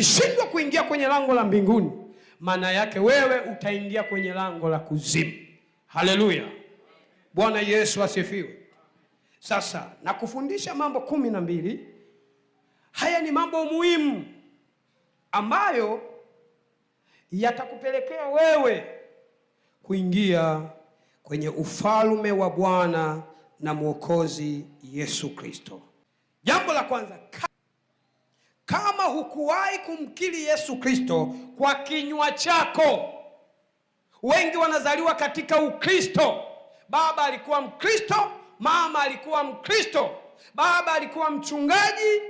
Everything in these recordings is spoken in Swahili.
Ukishindwa kuingia kwenye lango la mbinguni, maana yake wewe utaingia kwenye lango la kuzimu. Haleluya, Bwana Yesu asifiwe. Sasa nakufundisha mambo kumi na mbili. Haya ni mambo muhimu ambayo yatakupelekea wewe kuingia kwenye ufalme wa Bwana na Mwokozi Yesu Kristo. Jambo la kwanza kama hukuwahi kumkiri Yesu Kristo kwa kinywa chako. Wengi wanazaliwa katika Ukristo. Baba alikuwa Mkristo, mama alikuwa Mkristo, baba alikuwa mchungaji,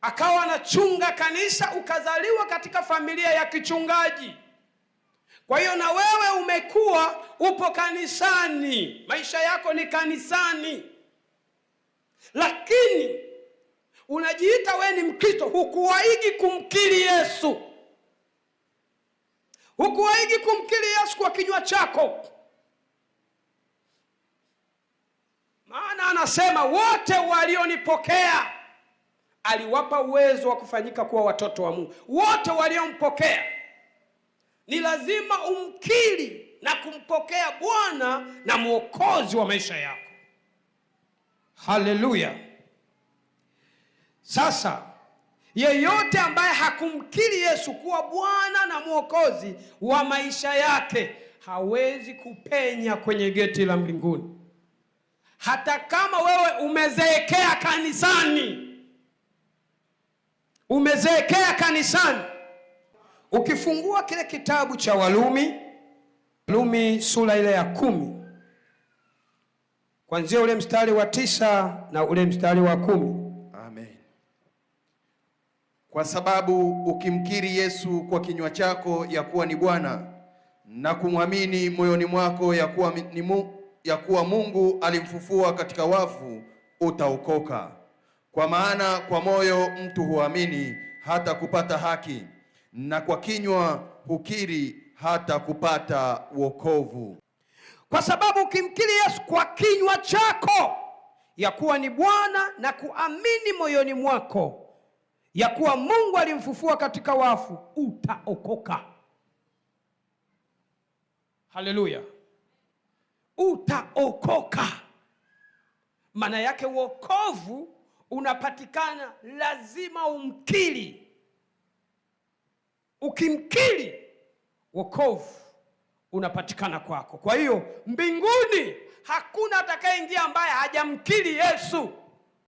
akawa anachunga kanisa, ukazaliwa katika familia ya kichungaji. Kwa hiyo na wewe umekuwa upo kanisani, maisha yako ni kanisani, lakini Unajiita wewe ni Mkristo, hukuwaigi kumkiri Yesu, hukuwaigi kumkiri Yesu kwa kinywa chako, maana anasema wote walionipokea aliwapa uwezo wa kufanyika kuwa watoto wa Mungu. Wote waliompokea ni lazima umkiri na kumpokea Bwana na Mwokozi wa maisha yako. Haleluya! Sasa yeyote ambaye hakumkiri Yesu kuwa Bwana na Mwokozi wa maisha yake hawezi kupenya kwenye geti la mbinguni. Hata kama wewe umezeekea kanisani, umezeekea kanisani, ukifungua kile kitabu cha Walumi, Walumi sura ile ya kumi kuanzia ule mstari wa tisa na ule mstari wa kumi kwa sababu ukimkiri Yesu kwa kinywa chako ya kuwa ni Bwana na kumwamini moyoni mwako ya kuwa, ni mu, ya kuwa Mungu alimfufua katika wafu utaokoka. Kwa maana kwa moyo mtu huamini hata kupata haki na kwa kinywa hukiri hata kupata wokovu. Kwa sababu ukimkiri Yesu kwa kinywa chako ya kuwa ni Bwana na kuamini moyoni mwako ya kuwa Mungu alimfufua katika wafu utaokoka. Haleluya, utaokoka. Maana yake wokovu unapatikana, lazima umkiri. Ukimkiri wokovu unapatikana kwako. Kwa hiyo mbinguni hakuna atakayeingia ambaye hajamkiri Yesu.